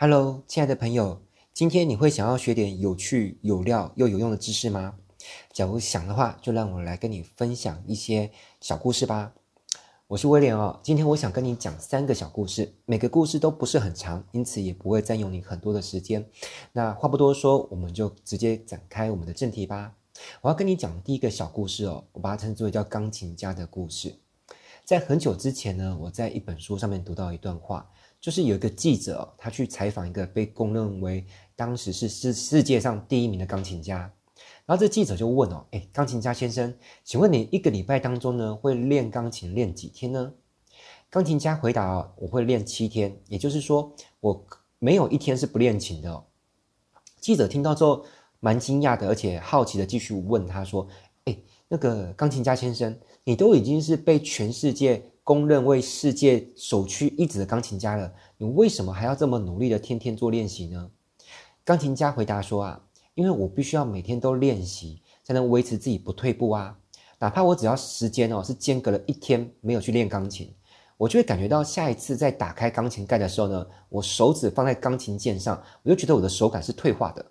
哈嘍，Hello, 親愛的朋友，今天你會想要學點有趣、有料、又有用的知識嗎？假如想的話，就讓我來跟你分享一些小故事吧。我是威廉哦，今天我想跟你講三個小故事，每個故事都不是很長，因此也不會占用你很多的時間。那話不多說，我們就直接展開我們的正題吧。我要跟你講的第一個小故事哦，我把它稱之為叫鋼琴家的故事。在很久之前呢，我在一本書上面讀到一段話。就是有一個記者，他去採訪一個被公認為當時是世世界上第一名的鋼琴家，然後這記者就問哦，哎，鋼琴家先生，請問你一個禮拜當中呢，會練鋼琴練幾天呢？鋼琴家回答哦，我會練七天，也就是說我沒有一天是不練琴的哦。記者聽到之後蠻驚訝的，而且好奇的繼續問他說，哎，那個鋼琴家先生，你都已經是被全世界。公認為世界首屈一指的鋼琴家了，你為什麼還要這麼努力的天天做練習呢？鋼琴家回答說：“啊，因為我必須要每天都練習，才能維持自己不退步啊。哪怕我只要時間哦，是間隔了一天沒有去練鋼琴，我就會感覺到下一次在打開鋼琴蓋的時候呢，我手指放在鋼琴鍵上，我就覺得我的手感是退化的。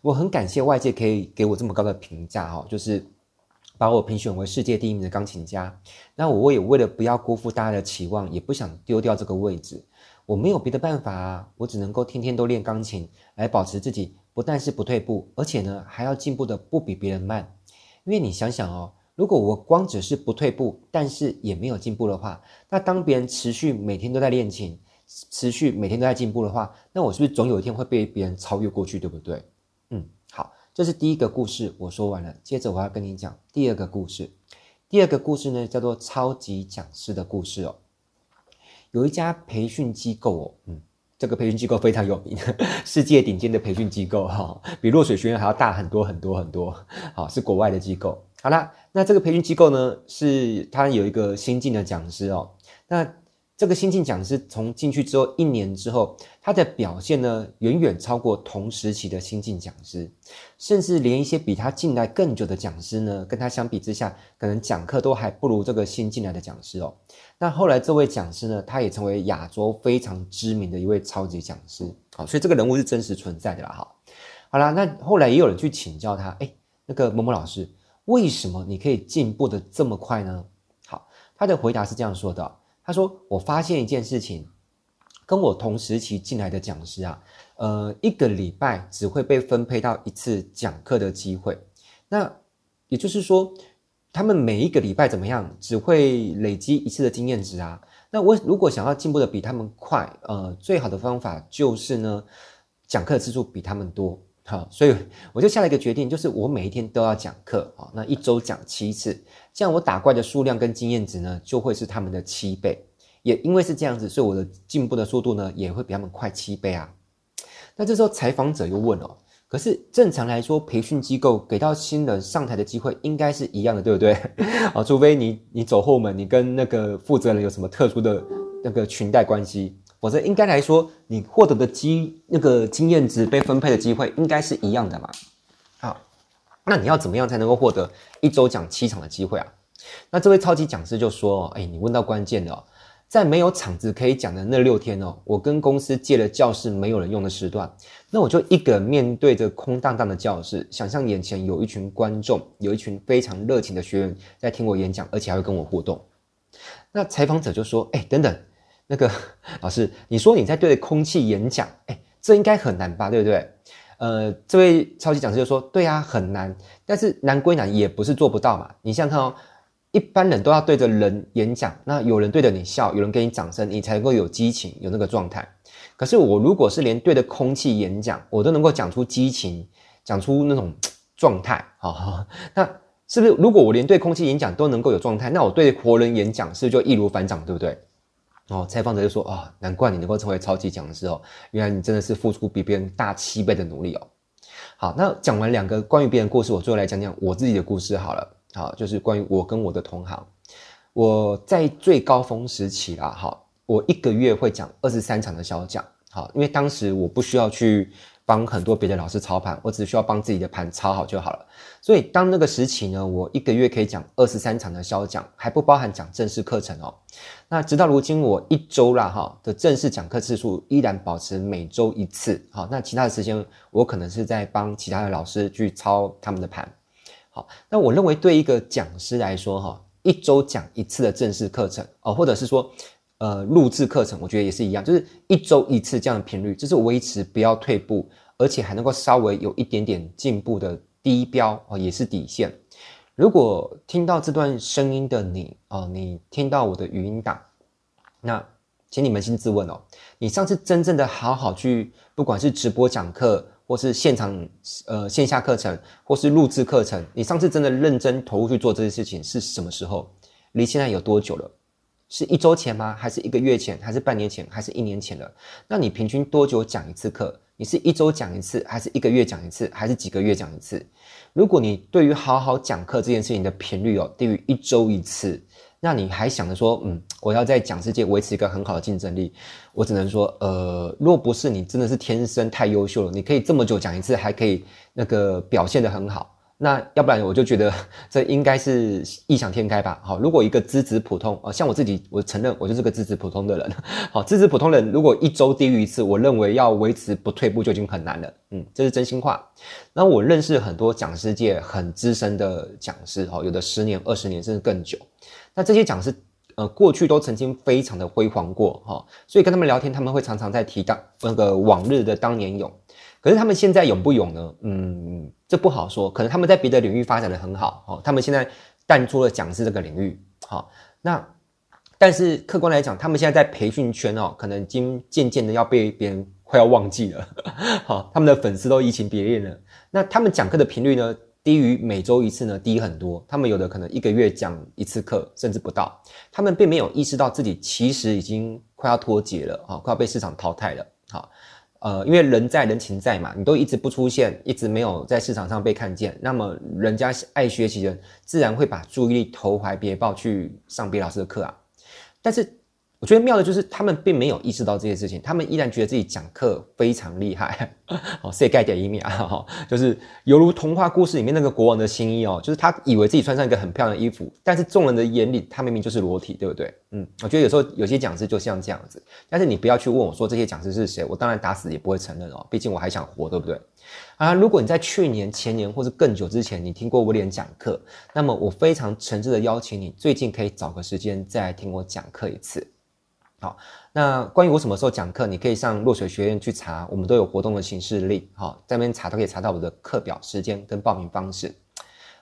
我很感謝外界可以給我這麼高的評價哈，就是。”把我評選為世界第一名的鋼琴家，那我也為了不要辜負大家的期望，也不想丟掉這個位置，我沒有別的辦法啊，我只能夠天天都練鋼琴來保持自己，不但是不退步，而且呢還要進步得不比別人慢。因為你想想哦，如果我光只是不退步，但是也沒有進步的話，那當別人持續每天都在練琴，持續每天都在進步的話，那我是不是總有一天會被別人超越過去，對不對？這是第一個故事，我說完了。接着我要跟你講第二個故事。第二個故事呢，叫做超級講師的故事哦。有一家培訓機構哦，嗯，這個培訓機構非常有名，世界頂尖的培訓機構哈、哦，比落水學院還要大很多很多很多。好，是國外的機構。好啦，那這個培訓機構呢，是它有一個新進的講師哦，那。這個新進講師從進去之後一年之後，他的表現呢遠遠超過同時期的新進講師，甚至連一些比他進來更久的講師呢，跟他相比之下，可能講課都還不如這個新進來的講師哦。那後來這位講師呢，他也成為亞洲非常知名的一位超級講師。好，所以這個人物是真實存在的啦哈。好啦，那後來也有人去請教他，哎，那個某某老師，為什麼你可以進步得這麼快呢？好，他的回答是這樣說的。他說：“我發現一件事情，跟我同時期進來的講師啊，呃，一個禮拜只會被分配到一次講課的機會。那也就是說，他們每一個禮拜怎麼樣，只會累積一次的經驗值啊。那我如果想要進步的比他們快，呃，最好的方法就是呢，講課的次數比他們多。”好，所以我就下了一個決定，就是我每一天都要講課啊，那一周講七次，這樣我打怪的數量跟經驗值呢，就會是他們的七倍。也因為是這樣子，所以我的進步的速度呢，也會比他們快七倍啊。那這時候採訪者又問哦，可是正常來說，培訓機構給到新人上台的機會應該是一樣的，對不對？啊，除非你你走後門，你跟那個負責人有什麼特殊的那個裙帶關係。否則應該來說，你獲得的機那個經驗值被分配的機會應該是一樣的嘛？好，那你要怎麼樣才能夠獲得一周講七場的機會啊？那這位超級講師就說：“哎，你問到關鍵的哦，在沒有場子可以講的那六天哦，我跟公司借了教室，沒有人用的時段，那我就一個人面對着空蕩蕩的教室，想象眼前有一群觀眾，有一群非常熱情的學員在聽我演講，而且還會跟我互動。”那採訪者就說：“哎，等等，那個。”老師，你說你在對着空氣演講，哎，這應該很難吧，對不對？呃，這位超級講師就說，對啊，很難。但是難歸難，也不是做不到嘛。你想看哦，一般人都要對着人演講，那有人對着你笑，有人給你掌聲，你才能夠有激情，有那個狀態。可是我如果是連對着空氣演講，我都能夠講出激情，講出那種狀態，哈，那是不是如果我連對空氣演講都能夠有狀態，那我對着活人演講是不是就易如反掌，對不對？哦，採訪者就說：“哦，難怪你能夠成為超級講師哦，原來你真的是付出比別人大七倍的努力哦。”好，那講完兩個關於別人故事，我最後來講講我自己的故事好了。好，就是關於我跟我的同行，我在最高峰時期啦、啊，好，我一個月會講二十三場的小講，好，因為當時我不需要去。幫很多別的老師操盤，我只需要幫自己的盤操好就好了。所以當那個時期呢，我一個月可以講二十三場的銷講，還不包含講正式課程哦。那直到如今，我一周啦哈的正式講課次數依然保持每周一次。好，那其他的時間我可能是在幫其他的老師去操他們的盤。好，那我認為對一個講師來說哈，一周講一次的正式課程哦，或者是說。呃，錄製課程，我覺得也是一樣，就是一周一次這樣的頻率，這是維持不要退步，而且還能夠稍微有一點點進步的低標哦，也是底線。如果聽到這段聲音的你哦，你聽到我的語音檔，那，請你捫心自問哦，你上次真正的好好去，不管是直播講課，或是現場呃線下課程，或是錄製課程，你上次真的認真投入去做這些事情是什麼時候？離現在有多久了？是一周前嗎？還是一個月前？還是半年前？還是一年前了？那你平均多久講一次課？你是一周講一次，還是一個月講一次，還是幾個月講一次？如果你對於好好講課這件事情的頻率哦，低於一周一次，那你還想着說，嗯，我要在講世界維持一個很好的競爭力，我只能說，呃，若不是你真的是天生太優秀了，你可以這麼久講一次，還可以那個表現得很好。那要不然我就覺得這應該是異想天開吧。好，如果一個資質普通，呃，像我自己，我承認我就是個資質普通的人。好，資質普通人如果一周低於一次，我認為要維持不退步就已經很難了。嗯，這是真心話。那我認識很多講師界很資深的講師，哈，有的十年、二十年甚至更久。那這些講師，呃，過去都曾經非常的輝煌過，哈，所以跟他們聊天，他們會常常在提到那個往日的當年勇。可是他們現在勇不勇呢？嗯，這不好說。可能他們在別的領域發展得很好。他們現在淡出了講師這個領域。好，那但是客觀來講，他們現在在培訓圈哦，可能已經漸漸的要被別人快要忘記了。他們的粉絲都移情別戀了。那他們講課的頻率呢，低於每周一次呢，低很多。他們有的可能一個月講一次課，甚至不到。他們並沒有意識到自己其實已經快要脫節了啊，快要被市場淘汰了。好。呃，因為人在人情在嘛，你都一直不出現，一直沒有在市場上被看見，那麼人家愛學習的自然會把注意力投懷別抱去上別老師的課啊，但是。我覺得妙的就是他們並沒有意識到這些事情，他們依然覺得自己講課非常厲害，哦，世界第一名啊，哈，就是猶如童話故事裡面那個國王的新衣哦，就是他以為自己穿上一個很漂亮的衣服，但是眾人的眼裡他明明就是裸體，對不對？嗯，我覺得有時候有些講師就像這樣子，但是你不要去問我說這些講師是誰，我當然打死也不會承認哦，畢竟我還想活，對不對？啊，如果你在去年、前年或是更久之前你聽過我臉講課，那麼我非常誠摯的邀請你，最近可以找個時間再聽我講課一次。好，那關於我什麼時候講課，你可以上落水學院去查，我們都有活動的行事曆，哈，在那邊查都可以查到我的課表時間跟報名方式。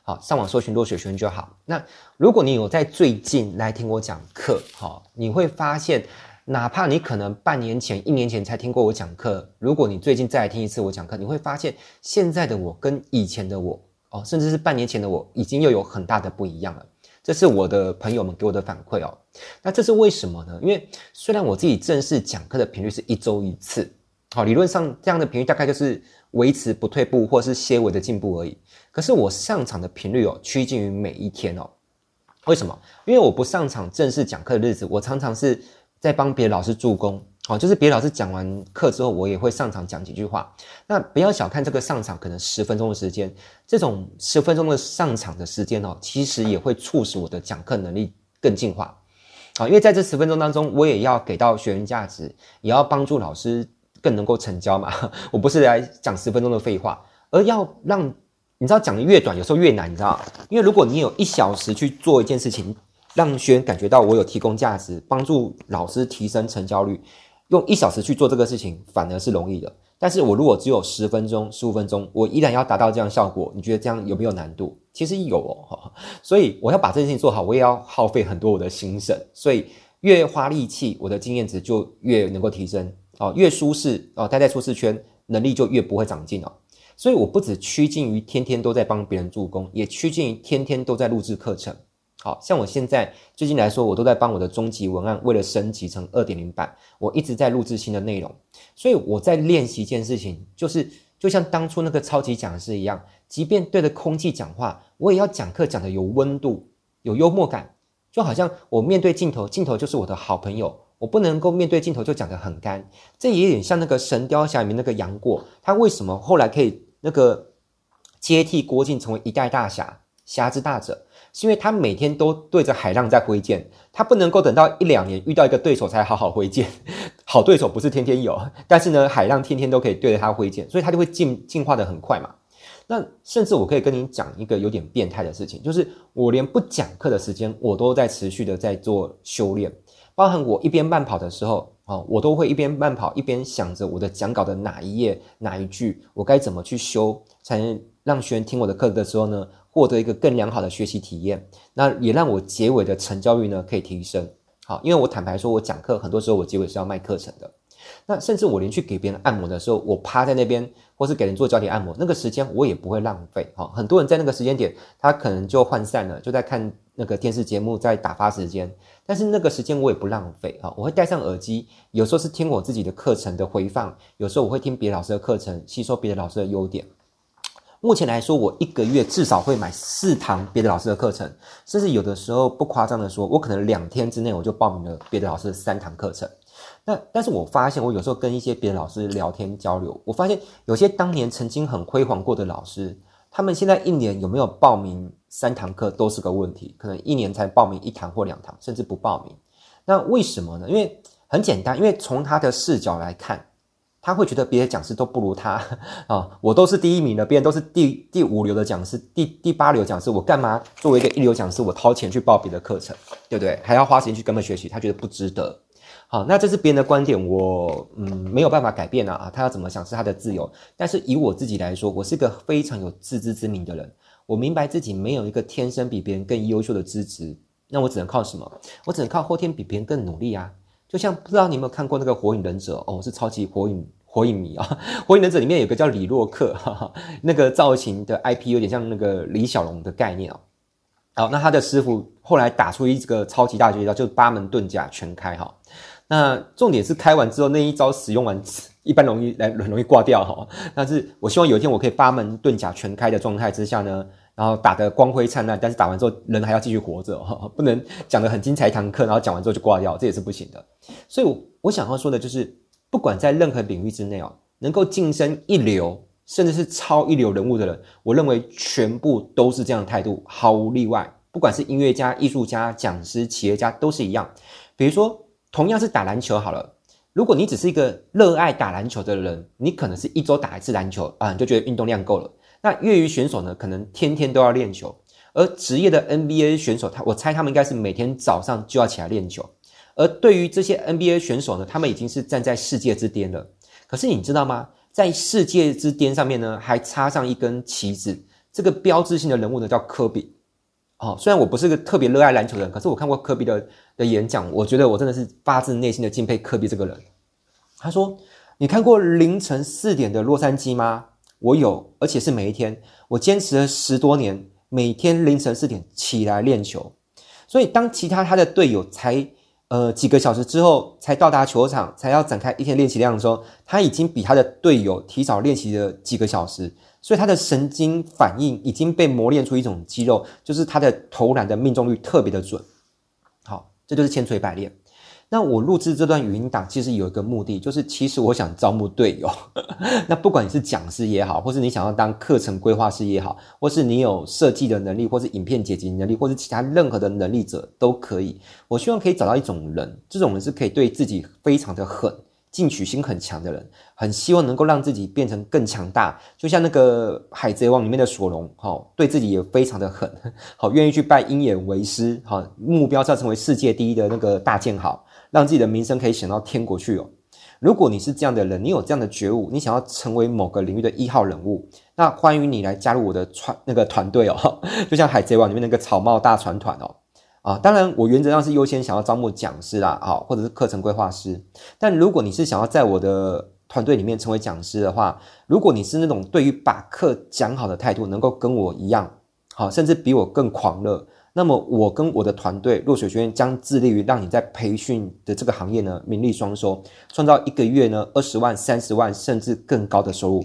好，上網搜尋落水學院就好。那如果你有在最近來聽我講課，哈，你會發現，哪怕你可能半年前、一年前才聽過我講課，如果你最近再來聽一次我講課，你會發現現在的我跟以前的我，哦，甚至是半年前的我，已經又有很大的不一樣了。這是我的朋友們給我的反饋哦，那這是為什麼呢？因為雖然我自己正式講課的頻率是一周一次，好，理論上這樣的頻率大概就是維持不退步或是些微的進步而已。可是我上場的頻率哦，趨近於每一天哦。為什麼？因為我不上場正式講課的日子，我常常是在幫別的老師助攻。好，就是別老師講完課之後，我也會上場講幾句話。那不要小看這個上場，可能十分鐘的時間，這種十分鐘的上場的時間哦，其實也會促使我的講課能力更進化。好，因為在這十分鐘當中，我也要給到學員價值，也要幫助老師更能夠成交嘛。我不是來講十分鐘的廢話，而要讓你知道講得越短，有時候越難，你知道嗎？因為如果你有一小時去做一件事情，讓學員感覺到我有提供價值，幫助老師提升成交率。用一小時去做這個事情反而是容易的，但是我如果只有十分鐘、十五分鐘，我依然要達到這樣的效果，你覺得這樣有沒有難度？其實有哦，所以我要把這件事情做好，我也要耗費很多我的心神，所以越花力氣，我的經驗值就越能夠提升哦，越舒適哦、呃，待在舒適圈，能力就越不會長進哦，所以我不只趨近於天天都在幫別人助攻，也趨近於天天都在錄制課程。好像我現在最近來說，我都在幫我的終極文案，為了升級成二點零版，我一直在錄製新的內容。所以我在練習一件事情，就是就像當初那個超級講師一樣，即便對着空氣講話，我也要講課講得有溫度、有幽默感，就好像我面對鏡頭，鏡頭就是我的好朋友，我不能夠面對鏡頭就講得很乾。這也有點像那個《神雕俠侶》裡面那個楊過，他為什麼後來可以那個接替郭靖成為一代大俠，俠之大者。是因為他每天都對着海浪在揮劍，他不能夠等到一兩年遇到一個對手才好好揮劍，好對手不是天天有，但是呢，海浪天天都可以對着他揮劍，所以他就會進進化得很快嘛。那甚至我可以跟你講一個有點變態的事情，就是我連不講課的時間，我都在持續的在做修煉，包含我一邊慢跑的時候啊、哦，我都會一邊慢跑一邊想着我的講稿的哪一頁哪一句，我該怎麼去修，才能讓學員聽我的課的時候呢，獲得一個更良好的學習體驗，那也讓我結尾的成交率呢，可以提升。好，因為我坦白說，我講課很多時候我結尾是要賣課程的。那甚至我連去給別人按摩的時候，我趴在那邊，或是給人做腳底按摩，那個時間我也不會浪費。好，很多人在那個時間點，他可能就渙散了，就在看那個電視節目，在打發時間。但是那個時間我也不浪費。好，我會戴上耳機，有時候是聽我自己的課程的回放，有時候我會聽別的老師的課程，吸收別的老師的優點。目前來說，我一個月至少會買四堂別的老師的課程，甚至有的時候不誇張的說，我可能兩天之內我就報名了別的老師的三堂課程。那但是我發現，我有時候跟一些別的老師聊天交流，我發現有些當年曾經很輝煌過的老師，他們現在一年有沒有報名三堂課都是個問題，可能一年才報名一堂或兩堂，甚至不報名。那為什麼呢？因為很簡單，因為從他的視角來看，他會覺得別的講師都不如他啊、哦，我都是第一名的，別人都是第第五流的講師，第第八流講師，我幹嘛作為一個一流講師，我掏錢去報別的課程，對不對？還要花錢去跟他們學習，他覺得不值得。好、哦，那這是別人的觀點，我嗯沒有辦法改變啊，啊他要怎麼想是他的自由。但是以我自己來說，我是一個非常有自知之明的人，我明白自己沒有一個天生比別人更優秀的資質，那我只能靠什麼？我只能靠後天比別人更努力啊。就像不知道你有沒有看過那個《火影忍者》哦，我是超級火影火影迷啊、哦，《火影忍者》裡面有個叫李洛克哈哈，那個造型的 IP 有點像那個李小龍的概念哦。好，那他的師傅後來打出一個超級大絕招，就是八門遁甲全開哈、哦。那重點是開完之後那一招使用完，一般容易來很容易掛掉哈、哦。但是我希望有一天我可以八門遁甲全開的狀態之下呢。然後打得光輝燦爛，但是打完之後人還要繼續活着、哦，不能講得很精彩一堂課，然後講完之後就掛掉，這也是不行的。所以，我我想要說的就是，不管在任何領域之內哦，能夠晉升一流，甚至是超一流人物的人，我認為全部都是這樣的態度，毫無例外。不管是音樂家、藝術家、講師、企業家，都是一樣。比如說，同樣是打籃球好了，如果你只是一個熱愛打籃球的人，你可能是一周打一次籃球啊，你、呃、就覺得運動量夠了。那業餘選手呢，可能天天都要練球，而職業的 NBA 選手，他我猜他們應該是每天早上就要起來練球。而對於這些 NBA 選手呢，他們已經是站在世界之巔了。可是你知道嗎？在世界之巔上面呢，還插上一根旗子，這個標誌性的人物呢叫科比。哦，雖然我不是個特別熱愛籃球的人，可是我看過科比的的演講，我覺得我真的是發自內心的敬佩科比這個人。他說：“你看過凌晨四點的洛杉磯嗎？”我有，而且是每一天，我堅持了十多年，每天凌晨四點起來練球。所以當其他他的隊友才呃幾個小時之後才到達球場，才要展開一天練習量的時候，他已經比他的隊友提早練習了幾個小時。所以他的神經反應已經被磨練出一種肌肉，就是他的投籃的命中率特別的準。這就是千錘百煉。那我錄制這段語音檔，其實有一個目的，就是其實我想招募隊友。 那不管你是講師也好，或是你想要當課程規劃師也好，或是你有設計的能力，或是影片剪輯能力，或是其他任何的能力者都可以。我希望可以找到一種人，這種人是可以對自己非常的狠。進取心很強的人，很希望能夠讓自己變成更強大，就像那個《海賊王》裡面的索隆，哈，哦，對自己也非常的狠，好，願意去拜鷹眼為師，哦，目標是要成為世界第一的那個大劍豪，讓自己的名聲可以響到天國去哦。如果你是這樣的人，你有這樣的覺悟，你想要成為某個領域的一號人物，那歡迎你來加入我的船那個團隊哦，就像《海賊王》裡面那個草帽大船團哦。啊，當然，我原則上是優先想要招募講師啦，好，或者是課程規劃師。但如果你是想要在我的團隊裡面成為講師的話，如果你是那種對於把課講好的態度能夠跟我一樣，好，甚至比我更狂熱，那麼我跟我的團隊落水學院將致力於讓你在培訓的這個行業呢，名利雙收，創造一個月呢二十萬、三十萬甚至更高的收入，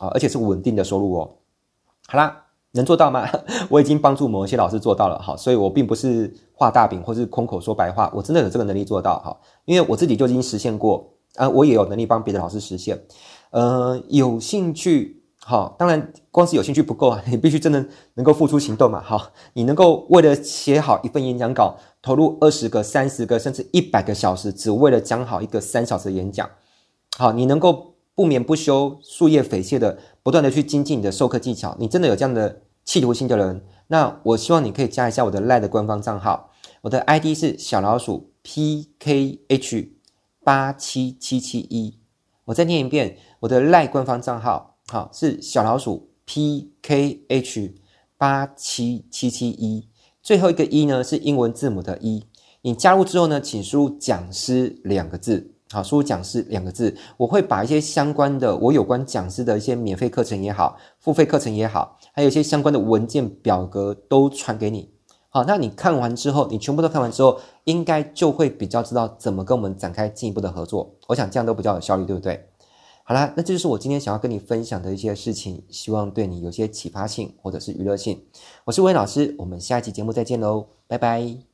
啊，而且是穩定的收入哦。好啦。能做到嗎？ 我已經幫助某一些老師做到了，哈，所以我並不是畫大餅或是空口說白話，我真的有這個能力做到，哈，因為我自己就已經實現過，啊、呃，我也有能力幫別的老師實現，呃，有興趣，好，當然光是有興趣不夠啊，你必須真的能夠付出行動嘛，好，你能夠為了寫好一份演講稿，投入二十個、三十個甚至一百個小時，只為了講好一個三小時的演講，好，你能夠不眠不休、夙夜匪懈的不斷的去精進你的授課技巧，你真的有這樣的。企圖心的人，那我希望你可以加一下我的賴的官方賬號，我的 ID 是小老鼠 P K H 八七七七一。我再念一遍，我的賴官方賬號，好，是小老鼠 P K H 八七七七一，最後一個一呢，是英文字母的 E。你加入之後呢，請輸入講師兩個字。好，輸入“講師”兩個字，我會把一些相關的我有關講師的一些免費課程也好，付費課程也好，還有一些相關的文件表格都傳給你。好，那你看完之後，你全部都看完之後，應該就會比較知道怎麼跟我們展開進一步的合作。我想這樣都比較有效率，對不對？好了，那這就是我今天想要跟你分享的一些事情，希望對你有些啟發性或者是娛樂性。我是吳老師，我們下一期節目再見嘍，拜拜。